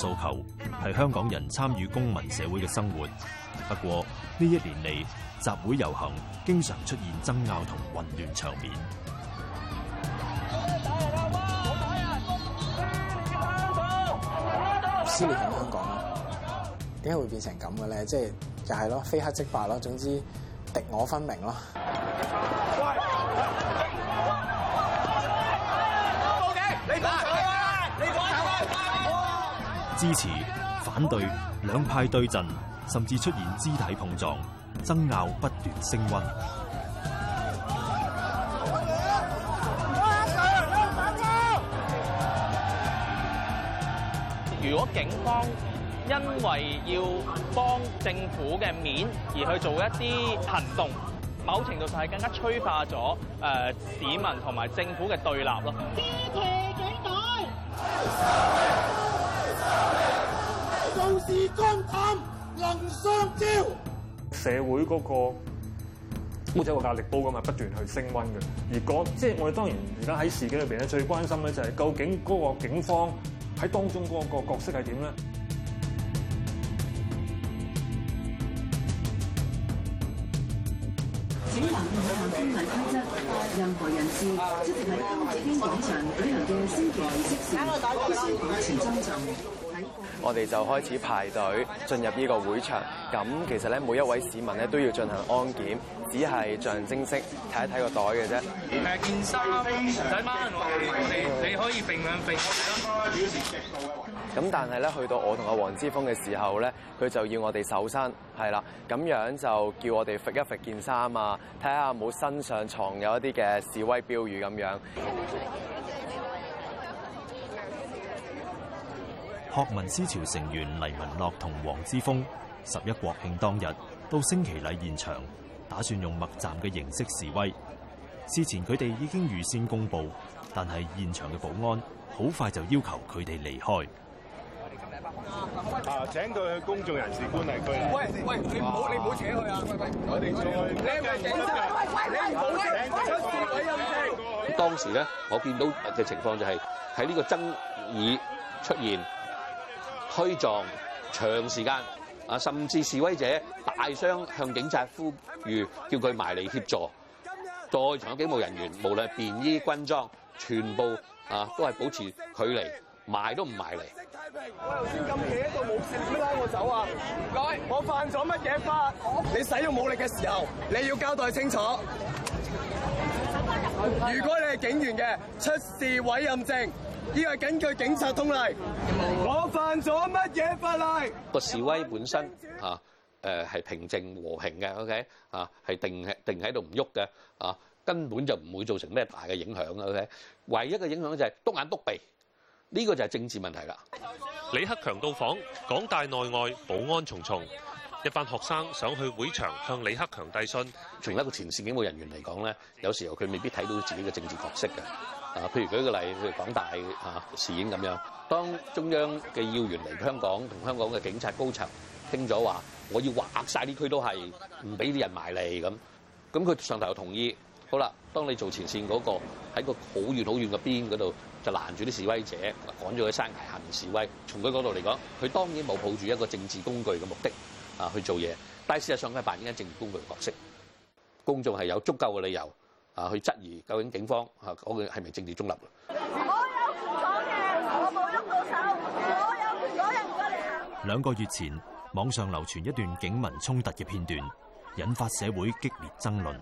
訴求係香港人參與公民社會嘅生活。不過呢一年嚟，集會遊行經常出現爭拗同混亂場面。先嚟香港啊？點解動會變成咁嘅咧？即係又係咯，非黑即白咯，總之敵我分明咯。喂！支持、反對兩派對陣，甚至出現肢體碰撞、爭拗不斷升溫。如果警方因為要幫政府嘅面而去做一啲行動，某程度上係更加催化咗、呃、市民同埋政府嘅對立咯。支持警隊。要是肝膽能相照。社會嗰、嗰個好似一個壓力煲咁啊，不斷去升溫嘅。而嗰即係我哋當然而家喺事件裏面，咧，最關心咧就係究竟嗰個警方喺當中嗰個角色係點咧？請留意行千里規則，任何人士一定喺金紫荊廣場舉行嘅升旗儀式時保持莊重。我哋就開始排隊進入呢個會場，咁其實咧每一位市民咧都要進行安檢，只係象徵式睇一睇個袋嘅啫。件衫唔使問我哋，你你，你可以並兩並我哋啦。咁但係咧，去到我同阿黃之鋒嘅時候咧，佢就要我哋搜身，係啦，咁樣就叫我哋揈一揈件衫啊，睇下冇身上藏有一啲嘅示威標語咁樣。學民思潮成員黎文樂同黃之鋒十一國慶當日到升旗禮現場，打算用默站嘅形式示威。事前佢哋已經預先公布，但係現場嘅保安好快就要求佢哋離開。啊，請對公眾人士觀禮區。喂，喂，你唔好你唔好扯佢啊！我哋再你唔扯嘅，你唔好扯出先。當時咧，我見到嘅情況就係喺呢個爭議出現，推撞，長時間啊，甚至示威者大聲向警察呼籲，叫佢埋嚟協助。在場嘅警務人員，無論便衣、軍裝，全部啊都係保持距離，埋都唔埋嚟。我頭先冇我走啊！唔該，我犯咗乜嘢法？你使用武力嘅時候，你要交代清楚。如果你係警員嘅，出示委任證，呢個係根據警察通例。犯咗乜嘢法例？個示威本身啊，誒係平靜和平嘅，OK 啊，係定係定喺度唔喐嘅啊，根本就唔會造成咩大嘅影響嘅，OK。唯一嘅影響就係篤眼篤鼻，呢個就係政治問題啦。李克強到訪港大內外，保安重重，一班學生想去會場向李克強遞信。從一個前線警務人員嚟講咧，有時候佢未必睇到自己嘅政治角色嘅。啊，譬如舉個個例，譬如港大嚇、啊、事件咁樣，當中央嘅要員嚟香港同香港嘅警察高層傾咗話，我要劃曬啲區都係唔俾啲人埋嚟咁，咁佢上頭又同意。好啦，當你做前線嗰、嗰個喺個好遠好遠嘅邊嗰度就攔住啲示威者，趕咗去山崖下面示威。從佢嗰度嚟講，佢當然冇抱住一個政治工具嘅目的啊去做嘢，但係事實上佢係扮演緊政治工具嘅角色，公眾係有足夠嘅理由。啊！去質疑究竟警方嚇嗰個係咪政治中立？我有權講嘢，我冇郁到手，我有權講嘢，唔該！兩個月前，網上流傳一段警民衝突嘅片段，引發社會激烈爭論。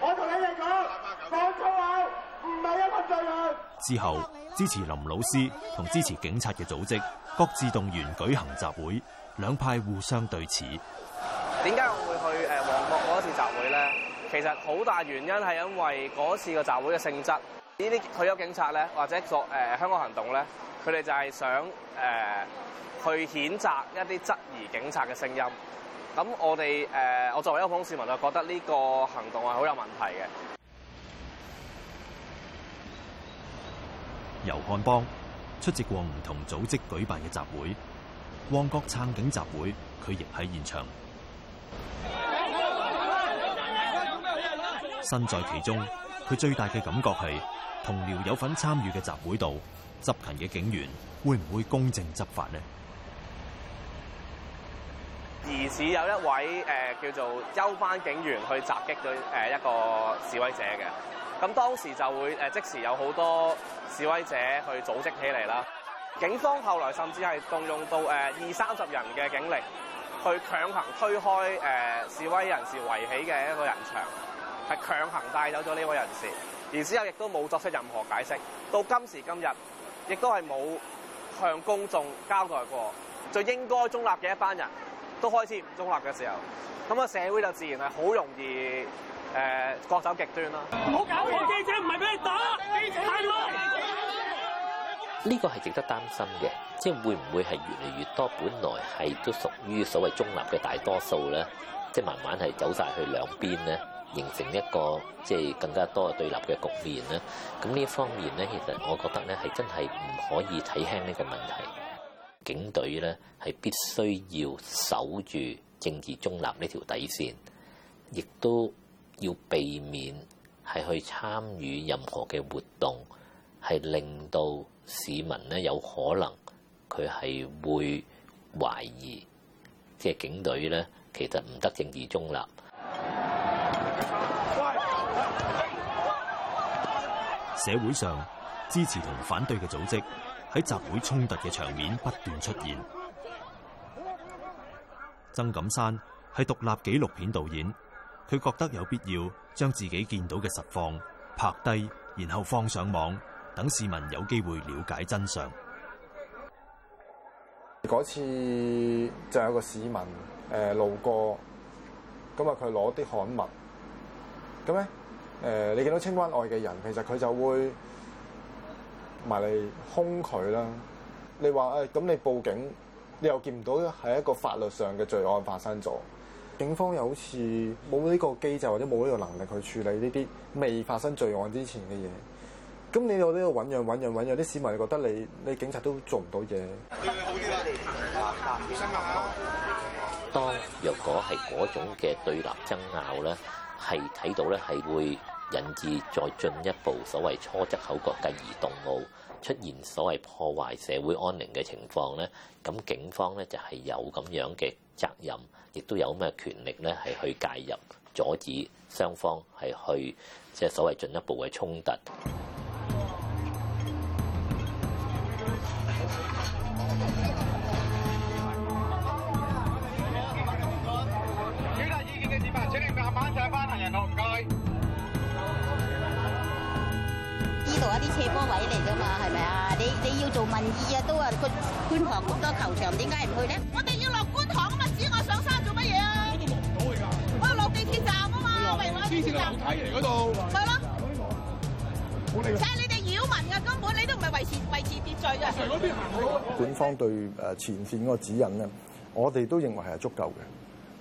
我同你一樣講粗口，唔係一個罪人。之後，支持林老師同支持警察嘅組織各自動員舉行集會，兩派互相對峙。點解我會去誒旺角嗰次集會咧？其實好大原因係因為嗰次個集會嘅性質，呢啲退休警察咧，或者作誒香港行動咧，佢哋就係想誒去譴責一啲質疑警察嘅聲音。咁我哋誒，我作為一個普通市民，就覺得呢個行動係好有問題嘅。尤漢邦出席過唔同組織舉辦嘅集會，旺角撐警集會，佢亦喺現場。身在其中，佢最大嘅感覺係同僚有份參與嘅集會度執勤嘅警員會唔會公正執法呢？疑似有一位、呃、叫做休班警員去襲擊咗、呃、一個示威者嘅，咁當時就會、呃、即時有好多示威者去組織起嚟啦。警方後來甚至係動用到、呃、二三十人嘅警力，去強行推開、呃、示威人士圍起嘅一個人牆。係強行帶走咗呢位人士，然之後亦都冇作出任何解釋。到今時今日，亦都係冇向公眾交代過。最應該中立嘅一班人都開始唔中立嘅時候，咁啊社會就自然係好容易誒，各、呃、走極端啦。唔好搞！我記者唔係俾你打，記者係我。呢個係值得擔心嘅，即係會唔會係越嚟越多本來係都屬於所謂中立嘅大多數咧，即係慢慢係走晒去兩邊咧？形成一個即係更加多嘅對立嘅局面咧，咁呢方面咧，其實我覺得咧係真係唔可以睇輕呢個問題。警隊咧係必須要守住政治中立呢條底線，亦都要避免係去參與任何嘅活動，係令到市民咧有可能佢係會懷疑，即係警隊咧其實唔得政治中立。社會上支持同反對嘅組織喺集會衝突嘅場面不斷出現。曾錦山係獨立紀錄片導演，佢覺得有必要將自己見到嘅實況拍低，然後放上網，等市民有機會了解真相。嗰次就有個市民誒、呃、路過，咁啊佢攞啲刊物。咁咧、呃，你見到青灣青關外嘅人，其實佢就會埋嚟兇佢啦。你話咁、哎、你報警，你又見唔到嘅係一個法律上嘅罪案發生咗，警方又好似冇呢個機制或者冇呢個能力去處理呢啲未發生罪案之前嘅嘢。咁你到呢度揾樣揾樣揾樣，啲市民你覺得你你警察都做唔到嘢。當若果係嗰種嘅對立爭拗咧。係睇到咧，係會引致再進一步所謂初則口角繼而動武，出現所謂破壞社會安寧嘅情況咧。咁警方咧就係有咁樣嘅責任，亦都有咁嘅權力咧，係去介入阻止雙方係去即係所謂進一步嘅衝突。落街，呢度一啲斜坡位嚟噶嘛，係咪啊？你你要做民意啊，都係觀觀塘咁多球場，點解唔去咧？我哋要落觀塘啊嘛，指我上山做乜嘢啊？嗰度落唔到噶，我落地鐵站啊嘛，明我地鐵站，睇嚟嗰度，咪咯？我哋，睇係你哋擾民啊，根本你都唔係維持維持秩序噶。警方對誒前線嗰個指引咧，我哋都認為係足夠嘅。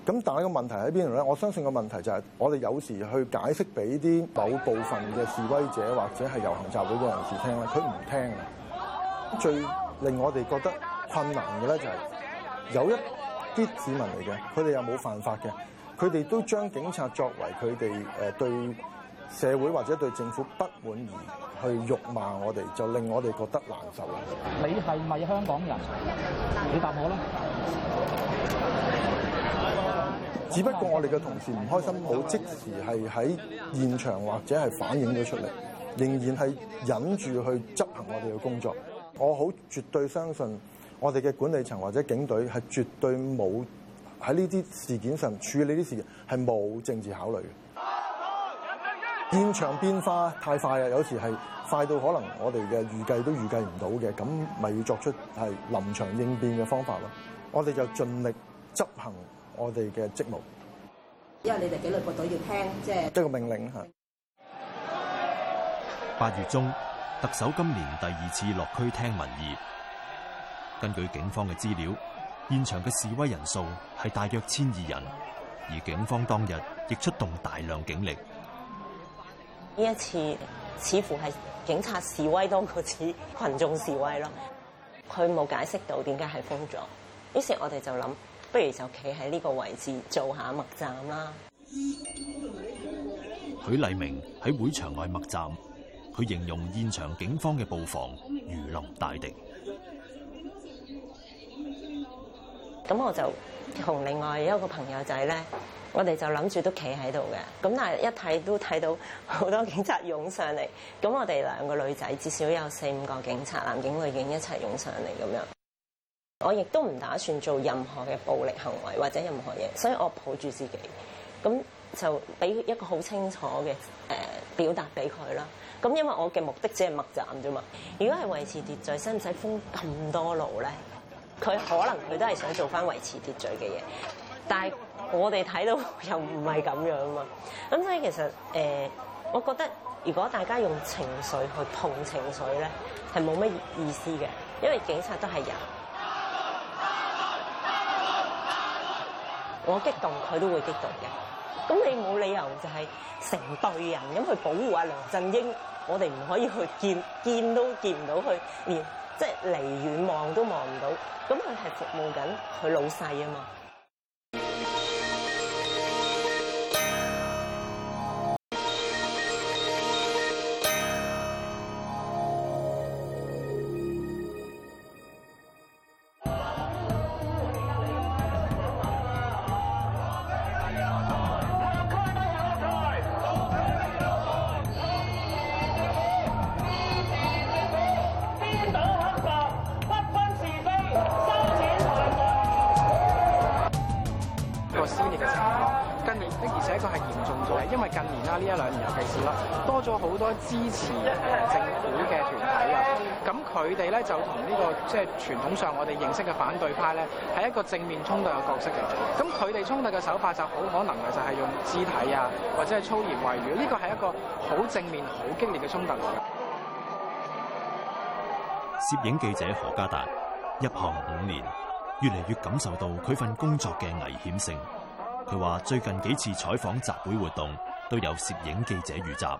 咁但係個問題喺邊度咧？我相信個問題就係我哋有時去解釋俾啲某部分嘅示威者或者係遊行集會嘅人士聽咧，佢唔聽啊！最令我哋覺得困難嘅咧就係有一啲市民嚟嘅，佢哋又冇犯法嘅，佢哋都將警察作為佢哋誒對社會或者對政府不滿而去辱罵我哋，就令我哋覺得難受啦。你係咪香港人？你答我啦。只不過我哋嘅同事唔開心，冇即時係喺現場或者係反映咗出嚟，仍然係忍住去執行我哋嘅工作。我好絕對相信，我哋嘅管理層或者警隊係絕對冇喺呢啲事件上處理呢啲事件係冇政治考慮嘅。現場變化太快啊！有時係快到可能我哋嘅預計都預計唔到嘅，咁咪要作出係臨場應變嘅方法咯。我哋就盡力執行我哋嘅職務。因為你哋紀律部隊要聽，即係一個命令嚇。八月中，特首今年第二次落區聽民意。根據警方嘅資料，現場嘅示威人數係大約千二人，而警方當日亦出動大量警力。呢一次似乎係警察示威多過似群眾示威咯，佢冇解釋到點解係封咗，於是我哋就諗，不如就企喺呢個位置做下默站啦。許麗明喺會場外默站，佢形容現場警方嘅布防如臨大敵。咁我就同另外一個朋友仔咧。我哋就諗住都企喺度嘅，咁但係一睇都睇到好多警察湧上嚟，咁我哋兩個女仔至少有四五個警察、男警、女警一齊湧上嚟咁樣。我亦都唔打算做任何嘅暴力行為或者任何嘢，所以我抱住自己，咁就俾一個好清楚嘅誒表達俾佢啦。咁因為我嘅目的只係默站啫嘛。如果係維持秩序，使唔使封咁多路咧？佢可能佢都係想做翻維持秩序嘅嘢， 但係。我哋睇到又唔係咁樣啊嘛，咁所以其實，誒，我覺得如果大家用情緒去碰情緒咧，係冇乜意思嘅，因為警察都係人，我激動，佢都會激動嘅，咁你冇理由就係成隊人咁去保護阿梁振英，我哋唔可以去見，見都見唔到佢，連即係離遠望都望唔到，咁佢係服務緊佢老細啊嘛。佢哋咧就同呢個即係傳統上我哋認識嘅反對派咧，係一個正面衝突嘅角色嘅。咁佢哋衝突嘅手法就好可能就係用肢體啊，或者係粗言穢語。呢個係一個好正面、好激烈嘅衝突。攝影記者何家達入行五年，越嚟越感受到佢份工作嘅危險性。佢話：最近幾次採訪集會活動都有攝影記者遇襲。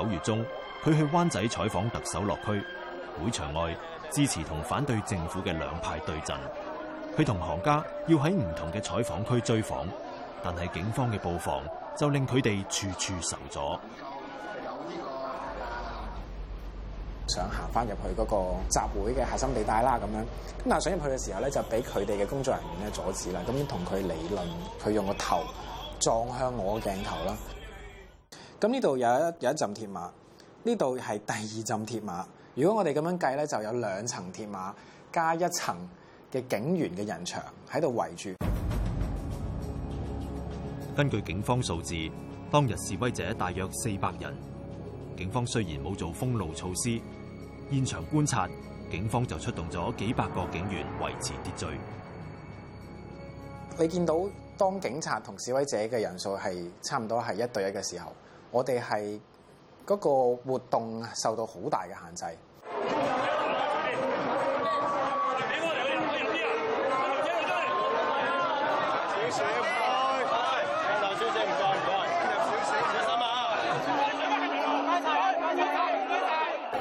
九月中，佢去灣仔採訪特首落區，會場外支持同反對政府嘅兩派對陣。佢同行家要喺唔同嘅採訪區追訪，但係警方嘅布防就令佢哋處處受阻。想行翻入去嗰個集會嘅核心地帶啦，咁樣咁但想入去嘅時候咧，就俾佢哋嘅工作人員咧阻止啦。咁同佢理論，佢用個頭撞向我嘅鏡頭啦。咁呢度有一有一陣鐵馬，呢度係第二陣鐵馬。如果我哋咁樣計呢，就有兩層鐵馬加一層嘅警員嘅人牆喺度圍住。根據警方數字，當日示威者大約四百人。警方雖然冇做封路措施，現場觀察，警方就出動咗幾百個警員維持秩序。你見到當警察同示威者嘅人數係差唔多係一對一嘅時候。我哋係嗰個活動受到好大嘅限制，當、啊。少小啊！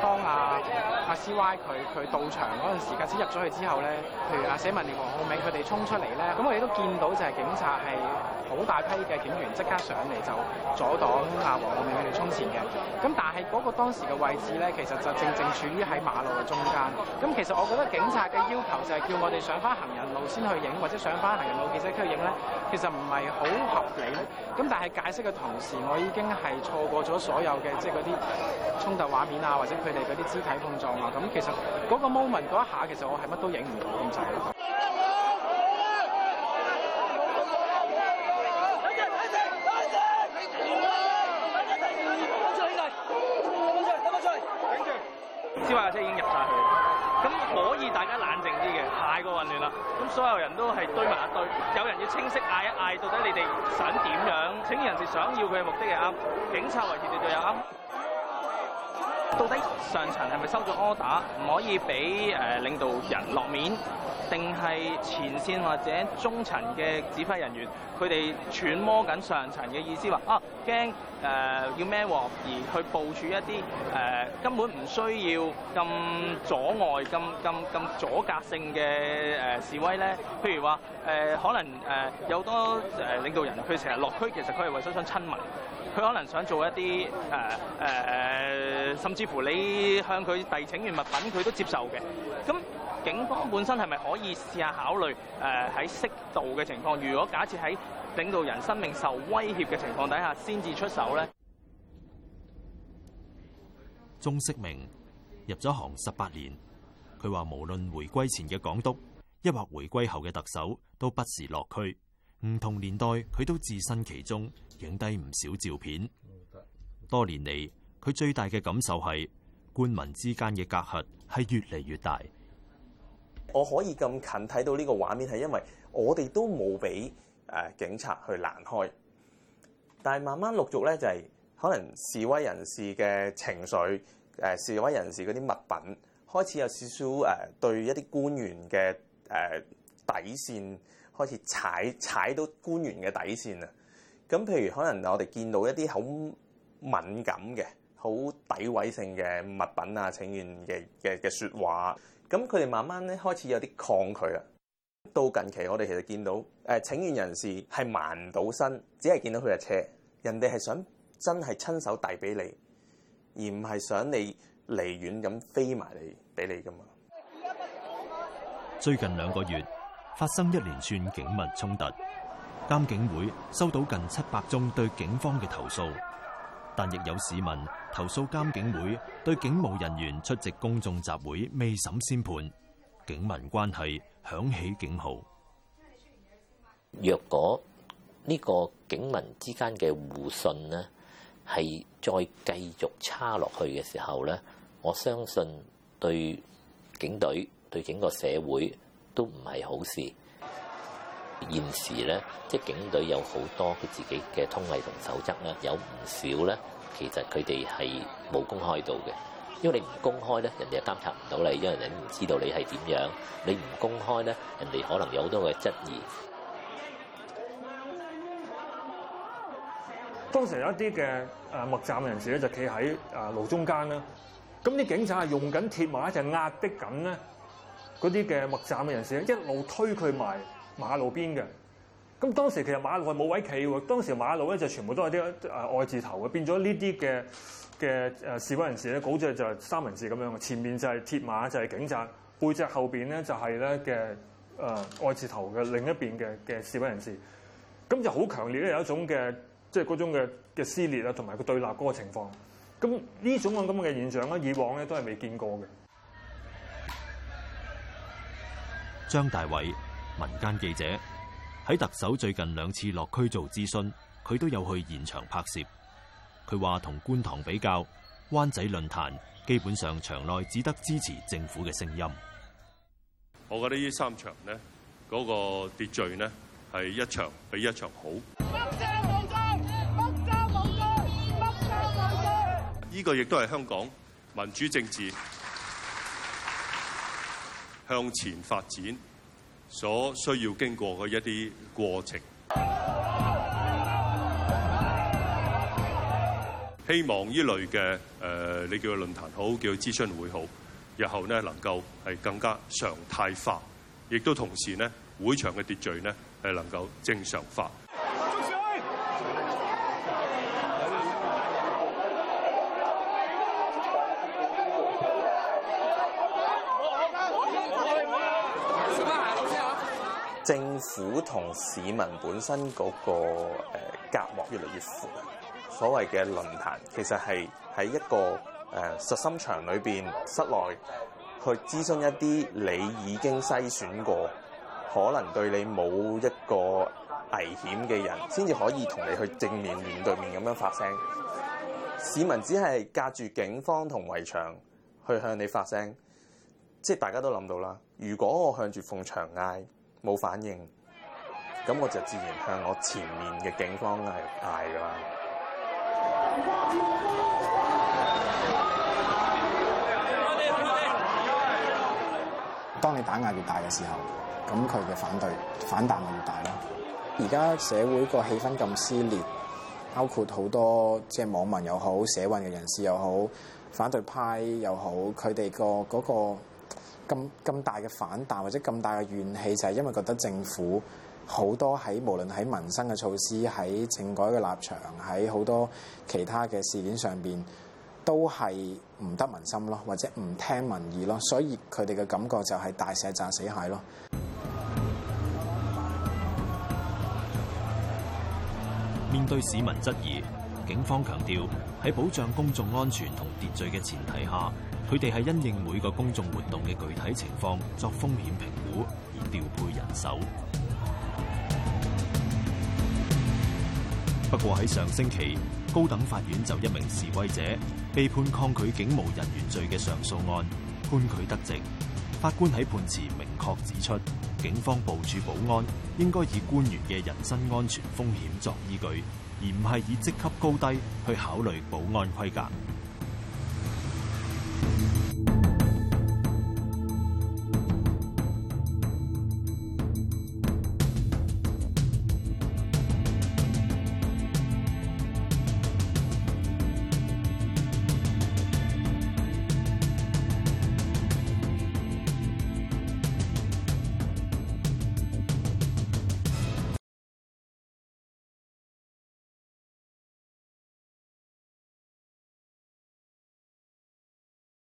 當阿阿 CY 佢佢到場嗰陣時間，先入咗去之後咧，譬如阿社民連黃浩銘佢哋衝出嚟咧，咁我亦都見到就係警察係。好大批嘅警員即刻上嚟就阻擋阿王後面佢哋衝前嘅，咁但係嗰個當時嘅位置咧，其實就正正處於喺馬路嘅中間。咁其實我覺得警察嘅要求就係叫我哋上翻行人路先去影，或者上翻行人路記者區去影咧，其實唔係好合理。咁但係解釋嘅同時，我已經係錯過咗所有嘅即係啲衝突畫面啊，或者佢哋嗰啲肢體碰撞啊。咁其實嗰個 moment 嗰一下，其實我係乜都影唔到咁滯。所有人都係堆埋一堆，有人要清晰嗌一嗌，到底你哋想點樣？請人哋想要嘅目的係啱，警察維持秩序又啱。到底上層係咪收咗 order，唔可以俾誒領導人落面，定係前線或者中層嘅指揮人員，佢哋揣摩緊上層嘅意思，話啊驚誒、呃、要孭鑊，而去部署一啲誒、呃、根本唔需要咁阻礙、咁咁咁阻隔性嘅誒、呃、示威咧？譬如話誒、呃，可能誒、呃、有多誒領導人佢成日落區，其實佢係為咗想親民。佢可能想做一啲誒誒，甚至乎你向佢遞請願物品，佢都接受嘅。咁警方本身係咪可以試下考慮誒喺適度嘅情況，如果假設喺領導人生命受威脅嘅情況底下，先至出手咧。鍾適明入咗行十八年，佢話無論回歸前嘅港督，抑或回歸後嘅特首，都不時落區。唔同年代，佢都置身其中，影低唔少照片。多年嚟，佢最大嘅感受係官民之間嘅隔閡係越嚟越大。我可以咁近睇到呢個畫面，係因為我哋都冇俾誒警察去攔開。但係慢慢陸續咧、就是，就係可能示威人士嘅情緒，誒、呃、示威人士嗰啲物品開始有少少誒、呃、對一啲官員嘅誒、呃、底線。開始踩踩到官員嘅底線啊！咁譬如可能我哋見到一啲好敏感嘅、好詆毀性嘅物品啊，請願嘅嘅嘅説話，咁佢哋慢慢咧開始有啲抗拒啦。到近期我哋其實見到誒、呃、請願人士係埋唔到身，只係見到佢嘅車，人哋係想真係親手遞俾你，而唔係想你離遠咁飛埋嚟俾你噶嘛。最近兩個月，發生一連串警民衝突，監警會收到近七百宗對警方嘅投訴，但亦有市民投訴監警會對警務人員出席公眾集會未審先判，警民關係響起警號。若果呢個警民之間嘅互信呢係再繼續差落去嘅時候呢，我相信對警隊，對整個社會。都唔係好事。現時咧，即係警隊有好多佢自己嘅通例同守則啦，有唔少咧，其實佢哋係冇公開到嘅。因為你唔公開咧，人哋就監察唔到你，因為你唔知道你係點樣。你唔公開咧，人哋可能有好多嘅質疑。當時有一啲嘅誒默站人士咧，就企喺誒路中間啦。咁啲警察係用緊鐵馬就壓迫緊咧。嗰啲嘅默站嘅人士咧，一路推佢埋馬路邊嘅。咁當時其實馬路係冇位企喎，當時馬路咧就全部都係啲誒愛字頭嘅，變咗呢啲嘅嘅誒示威人士咧，好似就三文治咁樣嘅。前面就係鐵馬，就係警察，背脊後邊咧就係咧嘅誒愛字頭嘅另一邊嘅嘅示威人士。咁就好強烈咧，有一種嘅即係嗰種嘅嘅撕裂啊，同埋個對立嗰個情況。咁呢種咁嘅現象咧，以往咧都係未見過嘅。張大偉，民間記者，喺特首最近兩次落區做諮詢，佢都有去現場拍攝。佢話同觀塘比較，灣仔論壇基本上場內只得支持政府嘅聲音。我覺得呢三場呢，嗰個秩序呢，係一場比一場好。北上無罪，北上無罪，北上無罪。呢個亦都係香港民主政治向前發展所需要經過嘅一啲過程，希望呢類嘅誒、呃，你叫佢論壇好，叫佢諮詢會好，日後呢能夠係更加常態化，亦都同時呢會場嘅秩序呢係能夠正常化。政府同市民本身嗰個誒隔膜越嚟越闊，所謂嘅論壇其實，係喺一個誒實心場裏邊室內去諮詢一啲你已經篩選過可能對你冇一個危險嘅人，先至可以同你去正面面對面咁樣發聲。市民只係隔住警方同圍牆去向你發聲，即係大家都諗到啦。如果我向住鳳場嗌，冇反應，咁我就自然向我前面嘅警方嚟嗌噶啦。當你打壓越大嘅時候，咁佢嘅反對反彈咁大啦。而家社會個氣氛咁撕裂，包括好多即係網民又好、社運嘅人士又好、反對派又好，佢哋個嗰個。咁咁大嘅反彈或者咁大嘅怨氣，就係因為覺得政府好多喺無論喺民生嘅措施、喺政改嘅立場、喺好多其他嘅事件上邊，都係唔得民心咯，或者唔聽民意咯，所以佢哋嘅感覺就係大石砸死蟹咯。面對市民質疑。警方強調，喺保障公眾安全同秩序嘅前提下，佢哋係因應每個公眾活動嘅具體情況作風險評估而調配人手。不過喺上星期，高等法院就一名示威者被判抗拒警務人員罪嘅上訴案，判佢得直。法官喺判詞明確指出，警方部署保安應該以官員嘅人身安全風險作依據。而唔係以職級高低去考慮保安規格。